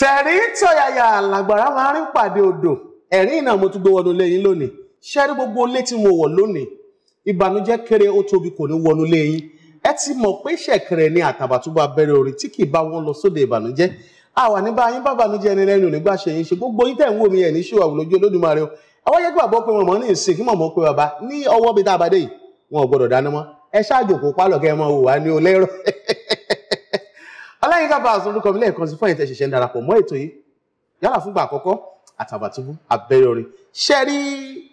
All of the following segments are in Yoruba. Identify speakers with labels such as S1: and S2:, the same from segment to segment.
S1: tẹ̀rí tọ̀yàyà làgbàrá máa ń pàdé odò ẹ̀rín iná mo tún gbé wọnú lẹ́yìn lónìí ṣé rí gbogbo ilé tí mo wọ̀ lónìí ìbànújẹ́ kéré ó tóbi kò ní wọnú lẹ́yìn ẹ ti mọ̀ pé ni Àtàbàtúbú abẹ́rẹ́ orin tí kì í bá wọn lọ sóde ìbànújẹ́ àwa ní báyìí bá ni lẹ́nu nígbà ṣe gbogbo yín tẹ̀ ń wò mí ẹ̀ ní ṣòwò àwùlójú Olódùmarè o àwọn yẹn gbàgbọ́ pé mọ̀mọ́ ní ìsìn kí mọ̀mọ́ pé bàbá ní ọwọ́ bíi tá a bá dé yìí wọn Ọláyínká Báàsì orúkọ mi lẹ́ẹ̀kan sí fún ẹ̀yin tẹ́ ṣẹ̀ṣẹ̀ ń darapọ̀ mọ́ ètò yìí yálà fúngbà àkọ́kọ́ Àtàbàtúbú abẹ́rẹ́ orin ṣe rí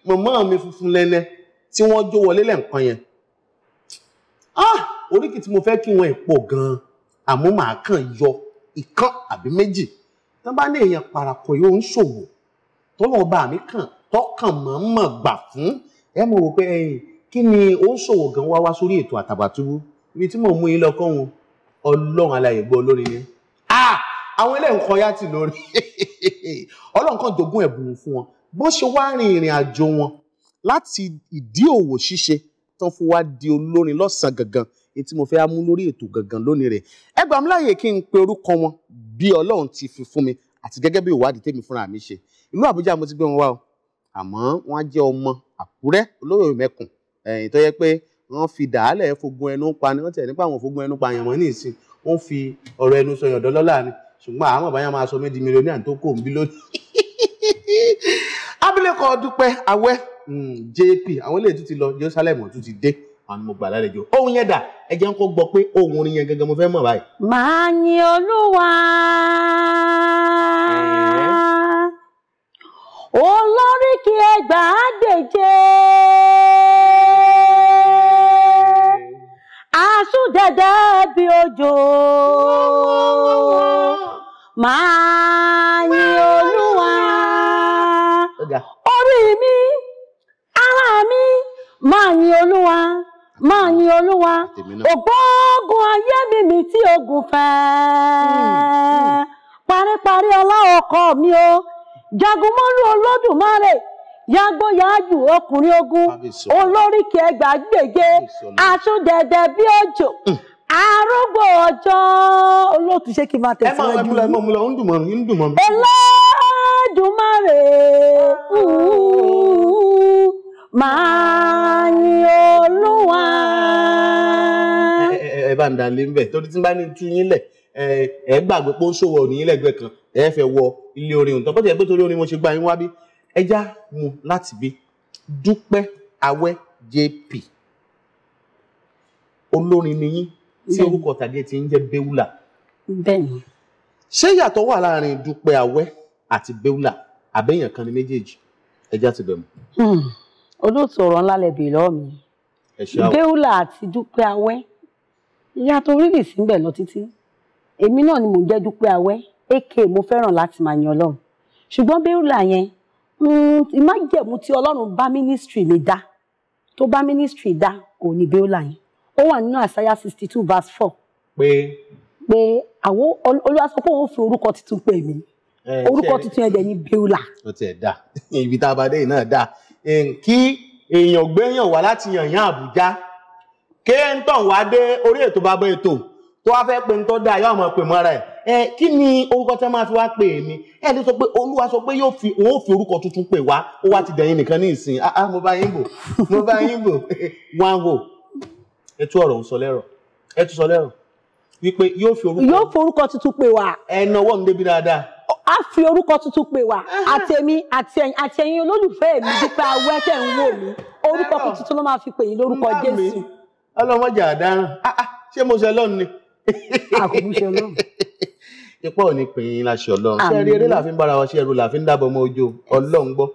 S1: mọ̀mọ́ mi funfun lẹ́lẹ́ tí wọ́n jó wọlé lẹ́ǹkan yẹn ah oríkì tí mo fẹ́ kí wọn pọ̀ gan-an àmọ́ màá kàn yọ ìkan àbí méjì tí wọ́n bá ní èèyàn parakọ̀ yóò ń ṣòwò tọ́lọ́ bá mi kàn tọ́kàn mọ̀ọ́mọ̀ gbà fún ẹ mọ̀ wò pé kí ni ó ń ṣòwò gan wá wá sórí ètò Àtàbàtúbú ibi tí mò ń mú yín lọ wọn ọlọ́run aláyè gbọ́ olórin ni ah! àwọn ilé nǹkan ya ti lórí ọlọ́run kan jogún ẹ̀bùn fún wọn bó ṣe wá rin ìrìn àjò wọn láti ìdí òwò ṣíṣe tán fún wa di olórin lọ́sàn gangan èyí tí mo fẹ́ mú lórí ètò gangan lónìí rẹ̀ ẹ gbà mí láàyè kí n pe orúkọ wọn bí ọlọ́run ti fi fún mi àti gẹ́gẹ́ bí ìwádìí tèmi fúnra mi ṣe ìlú àbújá mo ti gbé wọn wá o àmọ́ wọ́n á jẹ́ ọmọ àkúrẹ́ olóyè mẹ́kùn ẹ̀yìn tó yẹ pé wọ́n fi dàálẹ̀ fogun ẹnu pa ni wọ́n tẹ̀ nípa àwọn fogun ẹnu pa yẹn wọ́n ní ìsìn wọ́n fi ọ̀rọ̀ ẹnu sọ yọ̀dọ́ lọ́la ni ṣùgbọ́n àwọn àbáyá máa sọ mí di mílíọ̀nìyàn tó kò ń bí lónìí. abilékọ dúpẹ́ awẹ́ hmm, jp àwọn ilé ètùtù lọ Jerusalem ọ̀tún ti dé àwọn mo gbà lálejò ohun yẹn dà ẹ ń kó gbọ́ pé ohun orin yẹn gangan mo fẹ́ mọ̀ báyìí. màá yin olúwa olóríkì ẹgbàá
S2: gbèjè. dẹ̀dẹ̀ bí òjò máa yin olúwa orí mi ara mi máa yin olúwa máa yin olúwa ògbógun ayé mi mi tí ogun fẹ́ hmm, hmm. paríparí ọlá ọkọ mi o jagunmọ́lú olódùmarè. yàgbó yàájù ọkùnrin ogun olóríkì ẹgbà gbègbè àtúndẹ̀dẹ̀ bí òjò
S1: àrógbò mm. ọjọ́ olóòtú ṣé kí n máa tẹ̀síwájú. ẹ máa múlẹ̀ múlẹ̀ ń dùn mọ́ ń dùn mọ́. Ah. máa yin Olúwa. ẹ bá ń dalé ń torí tí n bá ní tú yín lẹ̀ ẹ gbàgbé pé ó ṣòwò yín lẹ́gbẹ̀ẹ́ kan ẹ fẹ́ wọ ilé orin òǹtọ́ bó ti pé torí orin mo ṣe gba yín wá bí ẹja mu láti bí dúpẹ́ awẹ́ jp olórin ni yín tí orúkọ tàgé ti ń jẹ́ béúlà. bẹ́ẹ̀ni. ṣé ìyàtọ̀ wà láàrin dúpẹ́ awẹ́ àti béúlà àbẹ́yàn kan ní méjèèjì ẹja ti bẹ̀ mọ́. Hmm.
S2: olóòtú ọ̀rọ̀ ńlá lẹ bèèrè mi béúlà àti dúpẹ́ awẹ́ ìyàtọ̀ orílẹ̀ ìsínbẹ̀ lọ títí èmi náà ni mò ń jẹ́ dúpẹ́ awẹ́ èké mo fẹ́ràn láti máa yan ọlọ́run ṣùgbọ́n béúlà yẹn ìmájẹ̀mú tí ọlọ́run bá ministry mi dá tó bá ministry dá òun ni bíólà yẹn ó wà nínú àṣàyà sixty two verse four. pé pé àwọn olúwa sọ pé òun fi orúkọ tuntun pè
S1: mí orúkọ tuntun ẹ̀jẹ̀ ní bíólà. ó tiẹ̀ dá ibi tá a bá dé yìí náà dá kí èèyàn gbéyàn wá láti yànyàn àbújá kéńtàn wá dé orí ètò bàbá ètò tó wá fẹ́ pé ń tọ́ da yóò mọ̀ pè mọ́ra ẹ̀ ẹ kí ni orúkọ tí wọn máa fi wá pè mí ẹ ní sọ pé olúwa sọ pé yóò fi òun ò fi orúkọ tuntun pè wá ó wá ti dẹ̀yìn nìkan ní ìsìn ah ah mo bá yín bò mo bá yín bò wọn wò ẹ tú ọ̀rọ̀ sọ lẹ́rọ̀ ẹ tú sọ lẹ́rọ̀ wípé yóò fi orúkọ yóò fi orúkọ tuntun pè wá ẹ nọwọ́ mi débi dáadáa
S2: a fi orúkọ tuntun pè wá ah. àtẹ̀mí àti ẹ̀yin olólùfẹ́ mi dípẹ́ awẹ́
S1: tẹ̀ ń wò mí orúkọ tuntun ló máa fi pè yín lórúkọ Jésù. ọlọmọjà àdáràn ah, ah, ṣé mo ṣe lọ́nù ni. àkókò ṣe lọ́nù ipa ò ní pín in láṣẹ Ọlọ́run ṣe eré eré làfi ń bára wa ṣe ẹrù làfi ń dábọ̀ ọmọ ojú Ọlọ́run gbọ́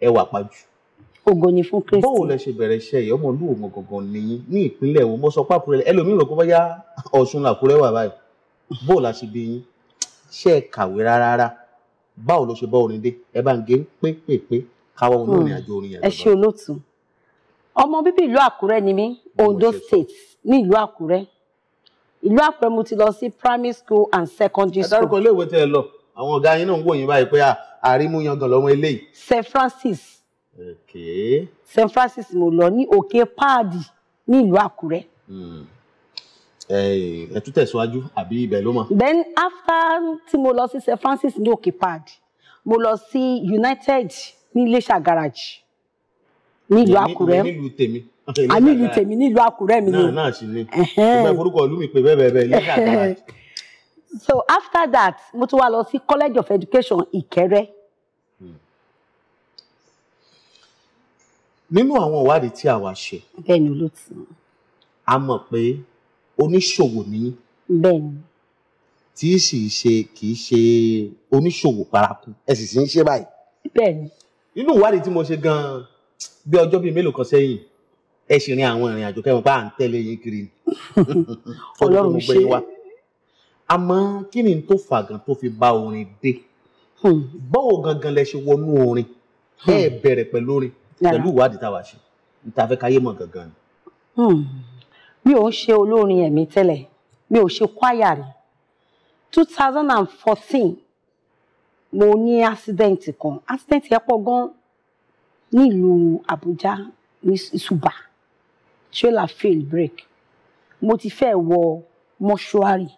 S1: ẹ wà pàjù. ògo ni fún Kristi. báwo lẹ ṣe bẹ̀rẹ̀ iṣẹ́ yìí ọmọ olúwo mọ gangan nìyí ní ìpínlẹ̀ wo mo sọ pé Àkúrẹ́ ẹlòmíràn kó bóyá Ọ̀ṣun làkúrẹ́ wà báyìí bóò la ṣe bí yín ṣe é kàwé rárá báwo ló ṣe bá orin dé ẹ bá ń gé pépèpé káwọn òun náà ní àjọ
S2: ni mí Ondo ìlú àpẹ mo ti lọ sí primary school and secondary school. àdárúkọ
S1: ilé ìwé tẹ ẹ lọ àwọn ọgá yín náà ń wò yín báyìí pé àrímú yangàn lọ́wọ́ eléyìí.
S2: st francis
S1: okay.
S2: st francis mo lọ ní òkè páàdì ní ìlú àkúrẹ́.
S1: Hmm. ẹ tún tẹ̀síwájú àbí ibẹ̀ ló mọ̀.
S2: then after tí mo lọ sí st francis ní òkè páàdì mo lọ sí united ní iléṣà garage
S1: ní ìlú àkúrẹ́. nílùú tèmi àní ìlú tèmi nílùú àkúrẹ́ mi ni
S2: so after that mo tún wá lọ sí college of education ìkẹrẹ.
S1: Hmm. nínú àwọn ìwádìí tí a wá ṣe. bẹ́ẹ̀ni ló ti. a mọ̀ pé oníṣòwò ni. bẹ́ẹ̀ni. tí í sì ṣe kì í ṣe oníṣòwò paraku ẹ sì sì ń ṣe báyìí. bẹ́ẹ̀ni. nínú ìwádìí tí mo ṣe gan-an bí ọjọ́ bíi mélòó kan sẹ́yìn ẹ sì rin àwọn ìrìn àjò kẹwọn bá à ń tẹ̀lé yín kiri Ọlọ́run ṣe wa àmọ́ kí ni tó fà gan tó fi bá orin dé hmm. báwo gangan lẹ ṣe wọnú orin ẹ hmm. bẹ̀rẹ̀ pẹ̀lú orin pẹ̀lú ìwádìí táwa ṣe níta fẹ́ káyé mọ̀ gangan ni.
S2: Hmm. mi ò ṣe olórin ẹ̀mí tẹ́lẹ̀ mi ò ṣe kwaya rí two thousand and fourteen mo ní accident kan accident yẹn pọ̀ gan nílùú Àbújá ní Ìṣùbà trailer fail break mo ti fẹ́ wọ mọ́ṣúárì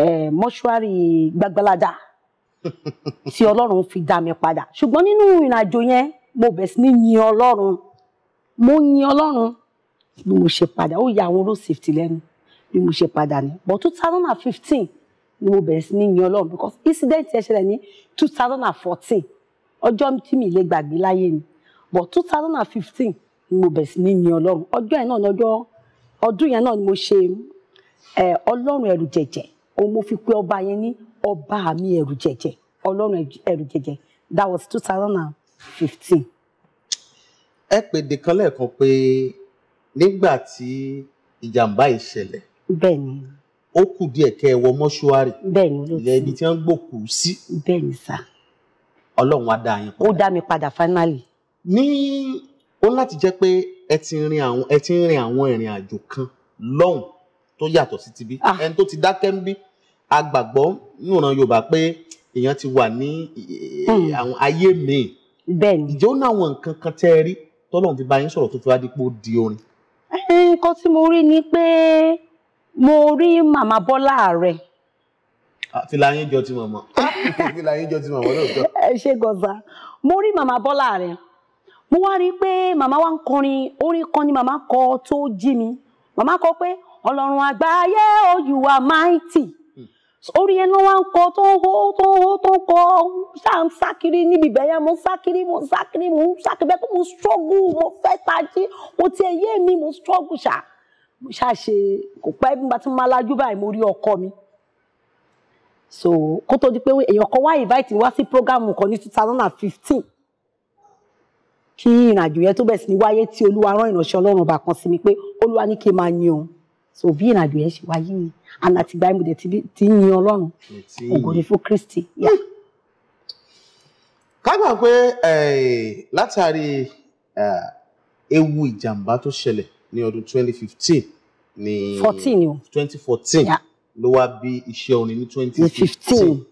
S2: eh, mọ́ṣúárì gbagbalada tí ọlọ́run fi dá mi padà ṣùgbọ́n nínú ìrìnàjò yẹn mo bẹ̀ sí ní yin ọlọ́run mo yin ọlọ́run bí mo ṣe padà ó ya àwọn road safety lẹ́nu bí mo ṣe padà ní but two thousand and fifteen ni mo bẹ̀rẹ̀ sí ní yin ọlọ́run because incident yẹn ṣẹlẹ̀ ní two thousand and fourteen ọjọ́ tí mi lè gbàgbé láyé ni but two thousand and fifteen mo bẹ̀rẹ̀ sí ni ọlọ́run ọjọ́ yẹn náà ni yẹn náà ni mo ṣe ọlọ́run ẹ̀rù jẹ̀jẹ̀ òun mo fi ọba yẹn ní ọba mi ẹ̀rù jẹ̀jẹ̀ ọlọ́run ẹ̀rù jẹ̀jẹ̀ that was two thousand and fifteen.
S1: ẹ pèdè kan lẹ́ẹ̀kan pé nígbà tí ìjàmbá yìí ṣẹlẹ̀. ó kù ẹ wọ ló ti tí mi padà finally. ní ó láti jẹ́ pé ẹ ti rin àwọn ẹ ti rin àwọn ìrìn àjò kan lọ́hùn tó yàtọ̀ sí ti bí ah. ẹni tó ti dákẹ́ ń bí a gbàgbọ́ níran Yorùbá pé èèyàn ti wà ní hmm. eh, àwọn ayé míì ìjọ ní àwọn nǹkan kan tẹ́ ẹ rí tọ́lọ́run fi bá yín sọ̀rọ̀ tó fi wá dípò di orin.
S2: Eh, nǹkan tí mo rí ni pé mo rí màmá Bọ́lá Ààrẹ.
S1: Ah, fìlà yín jọ ti màmá
S2: fìlà yín jọ ti màmá lóòótọ́. ẹ ṣe gọ̀ọ̀sà mo rí màmá Bọ́lá Ààrẹ. mo wá rí i pé màmá wa ń kọrin orin kan ni màmá kọ tó jí mi màmá kọ pé ọlọ́run àgbáyé o you are mighty orin náà wá ń kọ tó ń hó tó ń hó tó ń kọ ṣáà ń sákiri níbi ìbẹ̀ mo ń sákiri mo ń sákiri mo ń sákiri bẹ́ẹ̀ pé mo struggle mo fẹ́ tají mo ti mi so kó tó di kan wá invite wá sí program kan ní kí ìrìnàjò yẹn tó bẹ̀ sí ní wáyé tí olúwa rán ìránṣẹ́ ọlọ́run bá kan sí mi pé olúwa ní kí n máa yin so bí ìrìnàjò yẹn ṣe wáyé ni and àtìgbà yẹn mo dẹ̀ ti yin ọlọ́run ògo fún kristi.
S1: ká pé eh, látàrí eh, ewu ìjàmbá tó ṣẹlẹ̀ ní ọdún twenty fifteen ní fourteen ni o twenty fourteen ló wá bí iṣẹ́ orin ní twenty fifteen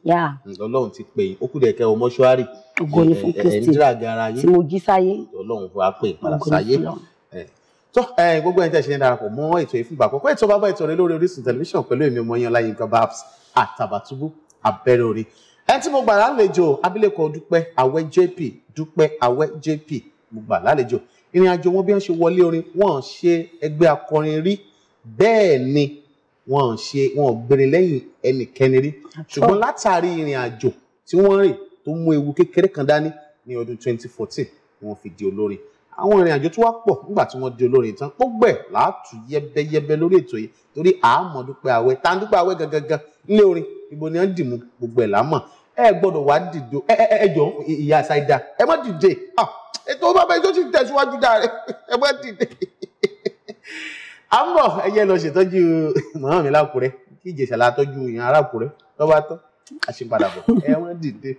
S1: lọ́lọ́run mm, ti pè yín ó kú dẹ̀kẹ́ o mọ́ṣúárì ẹ̀ẹ́dìrà gara yín
S2: lọ́lọ́run
S1: wá pè padà sáyé tó gbogbo ẹni tẹ́ ṣe ń darapọ̀ mọ́ ètò yìí fún ìgbà àkọ́kọ́ ètò bàbá ètò rẹ lórí Orísun tẹlifíṣàn pẹ̀lú èmi ọmọ yẹn Ọláyínká Babs Àtàbàtúbú abẹ́rẹ́ orí ẹni tí mo gbà lálejò abilékọ Dúpẹ́ Àwẹ́ JP Dúpẹ́ Àwẹ́ JP mo gbà lálejò ìrìn àjò wọn bí wọn ṣe wọlé orin wọn ṣe ẹgbẹ́ akọrin rí bẹ́ẹ̀ ni wọn ò ṣe wọn ò béèrè lẹ́yìn ẹnikẹ́ni rí ṣùgbọ́n látàrí ìrìn àjò tí wọ́n rìn tó mú ewu kékeré kan dání ní ọdún 2014 ni wọ́n fi di olórin àwọn ìrìn àjò tó wá pọ̀ nígbà tí wọ́n di olórin tán ó gbẹ̀ láàtú yẹ́bẹ́yẹ́bẹ́ lórí ètò yìí torí àmọ́ dúpẹ́ àwẹ̀ tá à ń dúpẹ́ àwẹ̀ gangan nílé orin ibo ni wọ́n dì mú gbogbo ẹ̀ lámọ̀ ẹ gbọ́dọ̀ wá dìde ẹ ẹ ẹ jọ ìyá ṣáìdá ẹ má dìde ah, ètò bàbá ètò ti tẹ̀síwájú dáa rẹ ẹ má dìde à ń bọ̀ ẹyẹ lọ ṣètọ́jú màmá mi lákùrẹ́ kí ìjẹsà la tọ́jú ìyàn arákùrẹ́ tó bá tán àṣepadà ẹ wọ́n dìde.